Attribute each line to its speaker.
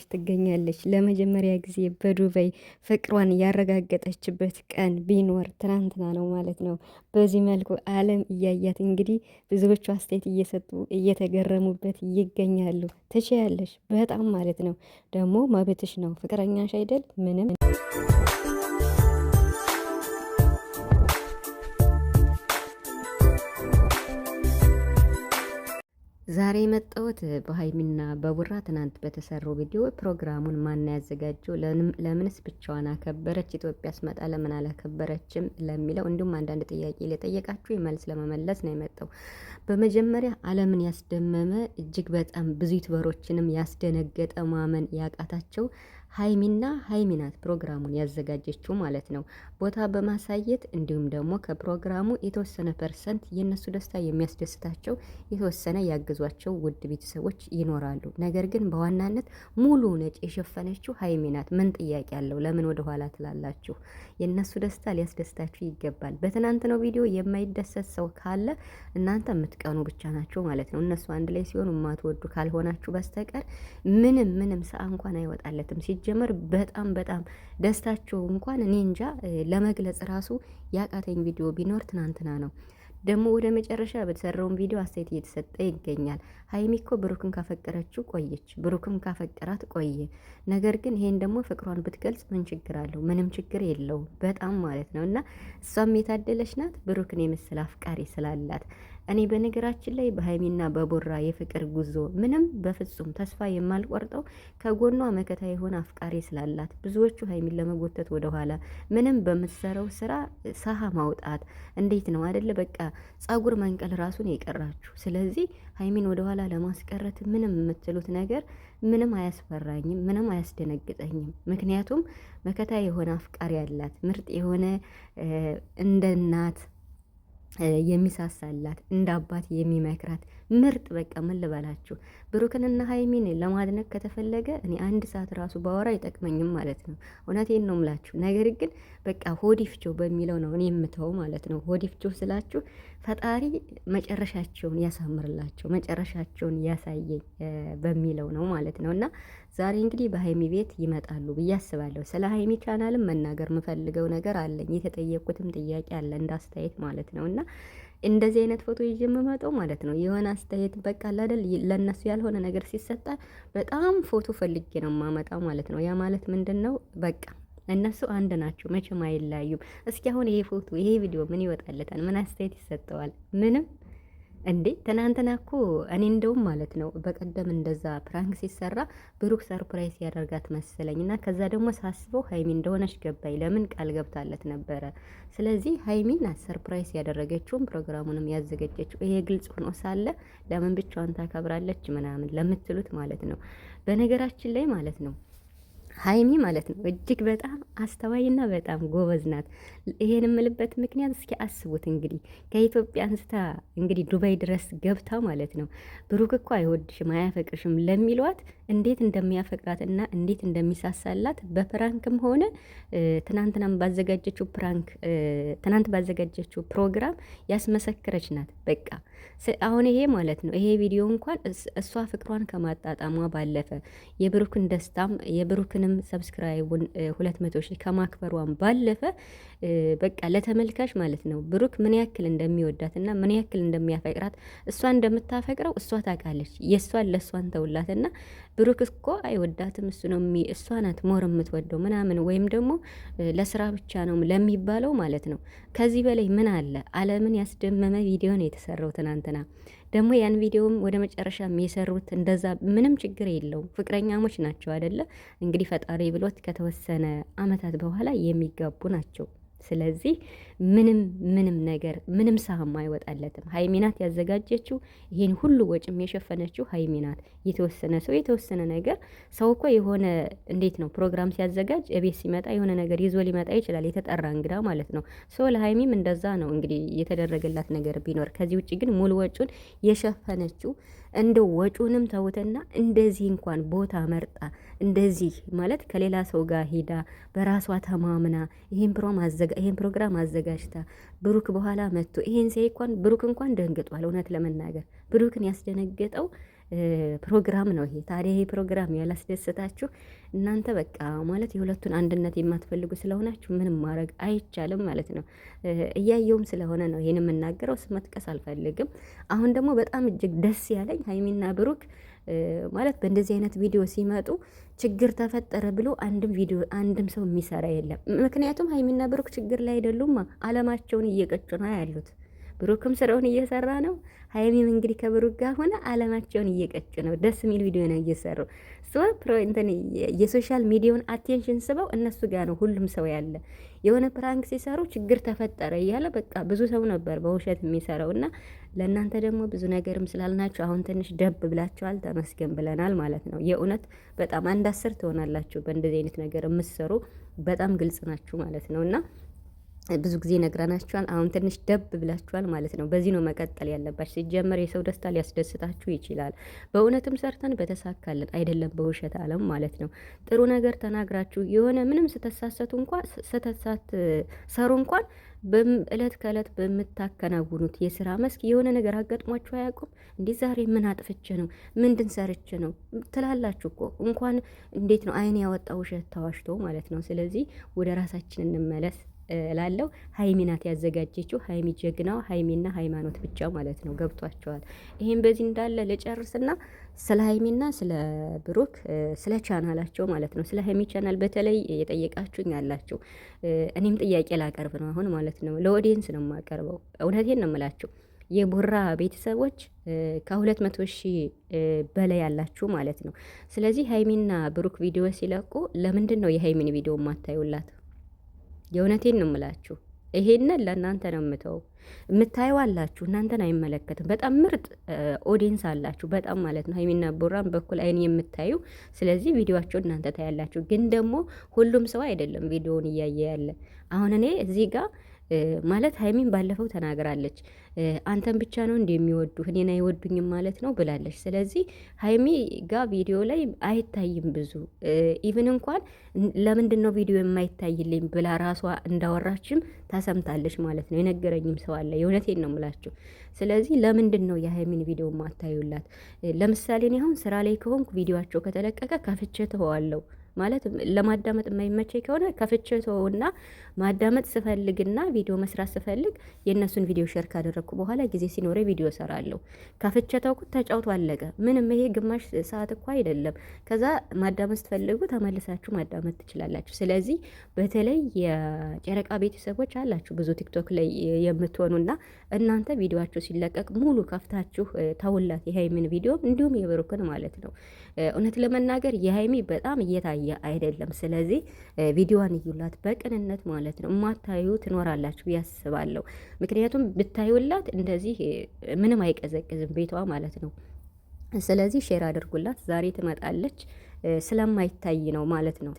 Speaker 1: እያከበረች ትገኛለች። ለመጀመሪያ ጊዜ በዱባይ ፍቅሯን ያረጋገጠችበት ቀን ቢኖር ትናንትና ነው ማለት ነው። በዚህ መልኩ ዓለም እያያት እንግዲህ ብዙዎቹ አስተያየት እየሰጡ እየተገረሙበት ይገኛሉ። ትችያለሽ በጣም ማለት ነው። ደግሞ መብትሽ ነው። ፍቅረኛሽ አይደል ምንም ዛሬ የመጣሁት በሀይሚና በቡራ ትናንት በተሰራው ቪዲዮ ፕሮግራሙን ማን ያዘጋጀው፣ ለምንስ ብቻዋን አከበረች፣ ኢትዮጵያ ስመጣ ለምን አላከበረችም ለሚለው እንዲሁም አንዳንድ ጥያቄ ለጠየቃችሁ መልስ ለመመለስ ነው የመጣው። በመጀመሪያ ዓለምን ያስደመመ እጅግ በጣም ብዙ ዩቱበሮችንም ያስደነገጠ ማመን ያቃታቸው ሀይሚና ሀይሚ ናት ፕሮግራሙን ያዘጋጀችው ማለት ነው። ቦታ በማሳየት እንዲሁም ደግሞ ከፕሮግራሙ የተወሰነ ፐርሰንት የእነሱ ደስታ የሚያስደስታቸው የተወሰነ ያግዟቸው ውድ ቤተሰቦች ይኖራሉ። ነገር ግን በዋናነት ሙሉ ነጭ የሸፈነችው ሀይሜናት ምን ጥያቄ አለው? ለምን ወደ ኋላ ትላላችሁ? የእነሱ ደስታ ሊያስደስታችሁ ይገባል። በትናንትናው ቪዲዮ የማይደሰት ሰው ካለ እናንተ የምትቀኑ ብቻ ናቸው ማለት ነው። እነሱ አንድ ላይ ሲሆኑ የማትወዱ ካልሆናችሁ በስተቀር ምንም ምንም ሰዓ እንኳን አይወጣለትም። ሲጀመር በጣም በጣም ደስታቸው እንኳን እኔ እንጃ ለመግለጽ ራሱ ያቃተኝ ቪዲዮ ቢኖር ትናንትና ነው። ደግሞ ወደ መጨረሻ በተሰራውን ቪዲዮ አስተያየት እየተሰጠ ይገኛል። ሀይሚኮ ብሩክን ካፈቀረችው ቆየች፣ ብሩክም ካፈቀራት ቆየ። ነገር ግን ይሄን ደግሞ ፍቅሯን ብትገልጽ ምን ችግር አለው? ምንም ችግር የለውም። በጣም ማለት ነው። እና እሷም የታደለች ናት ብሩክን የመሰለ አፍቃሪ ስላላት እኔ በነገራችን ላይ በሀይሚና በቦራ የፍቅር ጉዞ ምንም በፍጹም ተስፋ የማልቆርጠው ከጎኗ መከታ የሆነ አፍቃሪ ስላላት ብዙዎቹ ሀይሚን ለመጎተት ወደኋላ ምንም በምትሰራው ስራ ሰሃ ማውጣት እንዴት ነው አደለ በቃ ጸጉር መንቀል ራሱን የቀራችሁ ስለዚህ ሀይሚን ወደኋላ ለማስቀረት ምንም የምትሉት ነገር ምንም አያስፈራኝም ምንም አያስደነግጠኝም ምክንያቱም መከታ የሆነ አፍቃሪ ያላት ምርጥ የሆነ እንደ እናት የሚሳሳላት እንደ አባት የሚመክራት ምርጥ በቃ ምን ልበላችሁ፣ ብሩክንና ሀይሚን ለማድነቅ ከተፈለገ እኔ አንድ ሰዓት ራሱ ባወራ አይጠቅመኝም ማለት ነው። እውነቴን ነው ምላችሁ። ነገር ግን በቃ ሆዲፍቾ በሚለው ነው እኔ የምተው ማለት ነው። ሆዲፍቾ ስላችሁ ፈጣሪ መጨረሻቸውን ያሳምርላቸው፣ መጨረሻቸውን ያሳየኝ በሚለው ነው ማለት ነው እና ዛሬ እንግዲህ በሀይሚ ቤት ይመጣሉ ብዬ አስባለሁ። ስለ ሀይሚ ቻናልም መናገር የምፈልገው ነገር አለኝ። የተጠየቅኩትም ጥያቄ አለ እንደ አስተያየት ማለት ነው። እና እንደዚህ አይነት ፎቶ ይዤ የምመጣው ማለት ነው የሆነ አስተያየት በቃ አይደል ለእነሱ ያልሆነ ነገር ሲሰጣል በጣም ፎቶ ፈልጌ ነው የማመጣው ማለት ነው። ያ ማለት ምንድን ነው በቃ እነሱ አንድ ናቸው፣ መቼም አይለያዩም። እስኪ አሁን ይሄ ፎቶ ይሄ ቪዲዮ ምን ይወጣለታል? ምን አስተያየት ይሰጠዋል? ምንም እንዴ ትናንትና እኮ እኔ እንደውም ማለት ነው በቀደም እንደዛ ፕራንክ ሲሰራ ብሩክ ሰርፕራይዝ ያደርጋት መሰለኝ እና ከዛ ደግሞ ሳስበው ሀይሚ እንደሆነች ገባኝ። ለምን ቃል ገብታለት ነበረ። ስለዚህ ሀይሚን ናት ሰርፕራይዝ ያደረገችውም ፕሮግራሙንም ያዘጋጀችው። ይሄ ግልጽ ሆኖ ሳለ ለምን ብቻዋን ታከብራለች ምናምን ለምትሉት ማለት ነው በነገራችን ላይ ማለት ነው ሀይሚ ማለት ነው እጅግ በጣም አስተዋይና በጣም ጎበዝ ናት። ይሄን የምልበት ምክንያት እስኪ አስቡት እንግዲህ ከኢትዮጵያ አንስታ እንግዲህ ዱባይ ድረስ ገብታ ማለት ነው። ብሩክ እኮ አይወድሽም አያፈቅርሽም ለሚሏት እንዴት እንደሚያፈቅራት እና እንዴት እንደሚሳሳላት በፕራንክም ሆነ ትናንትናም ባዘጋጀችው ፕራንክ ትናንት ባዘጋጀችው ፕሮግራም ያስመሰክረች ናት። በቃ አሁን ይሄ ማለት ነው ይሄ ቪዲዮ እንኳን እሷ ፍቅሯን ከማጣጣሟ ባለፈ የብሩክን ደስታም የብሩክን አይደለም ሰብስክራይቡን ሁለት መቶ ሺህ ከማክበሯን ባለፈ በቃ ለተመልካች ማለት ነው ብሩክ ምን ያክል እንደሚወዳትና ምን ያክል እንደሚያፈቅራት እሷ እንደምታፈቅረው እሷ ታውቃለች። የእሷን ለእሷን ተውላትና ብሩክ እኮ አይወዳትም እሱ ነው እሷ ናት ሞር የምትወደው ምናምን ወይም ደግሞ ለስራ ብቻ ነው ለሚባለው ማለት ነው። ከዚህ በላይ ምን አለ? አለምን ያስደመመ ቪዲዮ ነው የተሰራው ትናንትና። ደግሞ ያን ቪዲዮም ወደ መጨረሻ የሰሩት እንደዛ ምንም ችግር የለውም። ፍቅረኛሞች ናቸው አደለ? እንግዲህ ፈጣሪ ብሎት ከተወሰነ አመታት በኋላ የሚጋቡ ናቸው። ስለዚህ ምንም ምንም ነገር ምንም ሳህም አይወጣለትም። ሀይሚናት ያዘጋጀችው ይሄን ሁሉ ወጭም የሸፈነችው ሀይሚናት። የተወሰነ ሰው የተወሰነ ነገር ሰው እኮ የሆነ እንዴት ነው ፕሮግራም ሲያዘጋጅ እቤት ሲመጣ የሆነ ነገር ይዞ ሊመጣ ይችላል፣ የተጠራ እንግዳ ማለት ነው። ሰው ለሀይሚም እንደዛ ነው እንግዲህ የተደረገላት ነገር ቢኖር። ከዚህ ውጭ ግን ሙሉ ወጩን የሸፈነችው እንደ ወጩንም ተውትና እንደዚህ እንኳን ቦታ መርጣ እንደዚህ ማለት ከሌላ ሰው ጋር ሂዳ በራሷ ተማምና ይህን ፕሮግራም አዘጋ ተዘጋጅታ ብሩክ በኋላ መጥቶ ይሄን ሲያይ እንኳን ብሩክ እንኳን ደንግጧል። እውነት ለመናገር ብሩክን ያስደነገጠው ፕሮግራም ነው ይሄ። ታዲያ ይሄ ፕሮግራም ያላስደሰታችሁ እናንተ በቃ ማለት የሁለቱን አንድነት የማትፈልጉ ስለሆናችሁ ምንም ማድረግ አይቻልም ማለት ነው። እያየውም ስለሆነ ነው ይሄን የምናገረው። ስመጥቀስ አልፈልግም። አሁን ደግሞ በጣም እጅግ ደስ ያለኝ ሀይሚና ብሩክ ማለት በእንደዚህ አይነት ቪዲዮ ሲመጡ ችግር ተፈጠረ ብሎ አንድም ቪዲዮ አንድም ሰው የሚሰራ የለም። ምክንያቱም ሀይሚና ብሩክ ችግር ላይ አይደሉም፣ አለማቸውን እየቀጩ ነው ያሉት። ብሩክም ስራውን እየሰራ ነው። ሀይሚም እንግዲህ ከብሩክ ጋር ሆነ አለማቸውን እየቀጩ ነው። ደስ የሚል ቪዲዮ ነው እየሰሩ የሶሻል ሚዲያውን አቴንሽን ስበው እነሱ ጋር ነው ሁሉም ሰው ያለ። የሆነ ፕራንክ ሲሰሩ ችግር ተፈጠረ እያለ በቃ ብዙ ሰው ነበር በውሸት የሚሰራው እና ለእናንተ ደግሞ ብዙ ነገርም ስላልናችሁ አሁን ትንሽ ደብ ብላችኋል፣ ተመስገን ብለናል ማለት ነው። የእውነት በጣም አንድ አስር ትሆናላችሁ በእንደዚህ አይነት ነገር የምትሰሩ በጣም ግልጽ ናችሁ ማለት ነው እና ብዙ ጊዜ ነግረናችኋል። አሁን ትንሽ ደብ ብላችኋል ማለት ነው። በዚህ ነው መቀጠል ያለባችሁ። ሲጀመር የሰው ደስታ ሊያስደስታችሁ ይችላል። በእውነትም ሰርተን በተሳካልን አይደለም በውሸት ዓለም ማለት ነው። ጥሩ ነገር ተናግራችሁ የሆነ ምንም ስተሳሰቱ እንኳን ስተሳት ሰሩ እንኳን በእለት ከእለት በምታከናውኑት የስራ መስክ የሆነ ነገር አጋጥሟችሁ አያውቁም? እንዲህ ዛሬ ምን አጥፍቼ ነው ምንድን ሰርቼ ነው ትላላችሁ እኮ እንኳን እንዴት ነው አይን ያወጣ ውሸት ተዋሽቶ ማለት ነው። ስለዚህ ወደ ራሳችን እንመለስ። እላለሁ። ሀይሚ ናት ያዘጋጀችው። ሀይሚ ጀግና ሀይሚና ሃይማኖት ብቻ ማለት ነው። ገብቷቸዋል። ይህም በዚህ እንዳለ ልጨርስና ስለ ሀይሚና ስለ ብሩክ ስለ ቻናላቸው ማለት ነው። ስለ ሀይሚ ቻናል በተለይ የጠየቃችሁኝ ያላቸው እኔም ጥያቄ ላቀርብ ነው አሁን ማለት ነው። ለኦዲየንስ ነው የማቀርበው። እውነቴን ነው የምላችሁ የቡራ ቤተሰቦች ከሁለት መቶ ሺህ በላይ ያላችሁ ማለት ነው። ስለዚህ ሀይሚና ብሩክ ቪዲዮ ሲለቁ ለምንድን ነው የሀይሚን ቪዲዮ ማታዩላት? የእውነቴን ነው የምላችሁ። ይሄንን ለእናንተ ነው የምተው። የምታየው አላችሁ፣ እናንተን አይመለከትም። በጣም ምርጥ ኦዲየንስ አላችሁ፣ በጣም ማለት ነው። ሀይሚና ቡራን በኩል አይን የምታዩ ስለዚህ ቪዲዮቸው እናንተ ታያላችሁ። ግን ደግሞ ሁሉም ሰው አይደለም ቪዲዮውን እያየ ያለ። አሁን እኔ እዚህ ጋር ማለት ሀይሚን ባለፈው ተናግራለች። አንተን ብቻ ነው እንደሚወዱ እኔን አይወዱኝም ማለት ነው ብላለች። ስለዚህ ሀይሚ ጋ ቪዲዮ ላይ አይታይም ብዙ ኢቭን እንኳን ለምንድን ነው ቪዲዮ የማይታይልኝ ብላ ራሷ እንዳወራችም ታሰምታለች ማለት ነው። የነገረኝም ሰው ሰው የእውነቴን ነው ምላችው ስለዚህ ለምንድን ነው የሀይሚን ቪዲዮ ማታዩላት? ለምሳሌ እኔ አሁን ስራ ላይ ከሆንኩ ቪዲዮቸው ከተለቀቀ ከፍቼ ትሆዋለሁ ማለት ለማዳመጥ የማይመቸኝ ከሆነ ከፍቼ ተወውና ማዳመጥ ስፈልግና ቪዲዮ መስራት ስፈልግ የእነሱን ቪዲዮ ሼር ካደረግኩ በኋላ ጊዜ ሲኖረ ቪዲዮ ሰራለሁ። ከፍቼ ተውኩት፣ ተጫውቶ አለቀ። ምንም ይሄ ግማሽ ሰዓት እኮ አይደለም። ከዛ ማዳመጥ ስትፈልጉ ተመልሳችሁ ማዳመጥ ትችላላችሁ። ስለዚህ በተለይ የጨረቃ ቤተሰቦች አላችሁ ብዙ ቲክቶክ ላይ የምትሆኑና እናንተ ቪዲዮችሁ ሲለቀቅ ሙሉ ከፍታችሁ ተውላት የሀይሚን ቪዲዮ እንዲሁም የብሩክን ማለት ነው። እውነት ለመናገር የሀይሚ በጣም እየታየ አይደለም። ስለዚህ ቪዲዮዋን እዩላት በቅንነት ማለት ማለት ነው የማታዩ ትኖራላችሁ ያስባለሁ። ምክንያቱም ብታዩላት እንደዚህ ምንም አይቀዘቅዝም ቤቷ ማለት ነው። ስለዚህ ሼር አድርጉላት። ዛሬ ትመጣለች ስለማይታይ ነው ማለት ነው።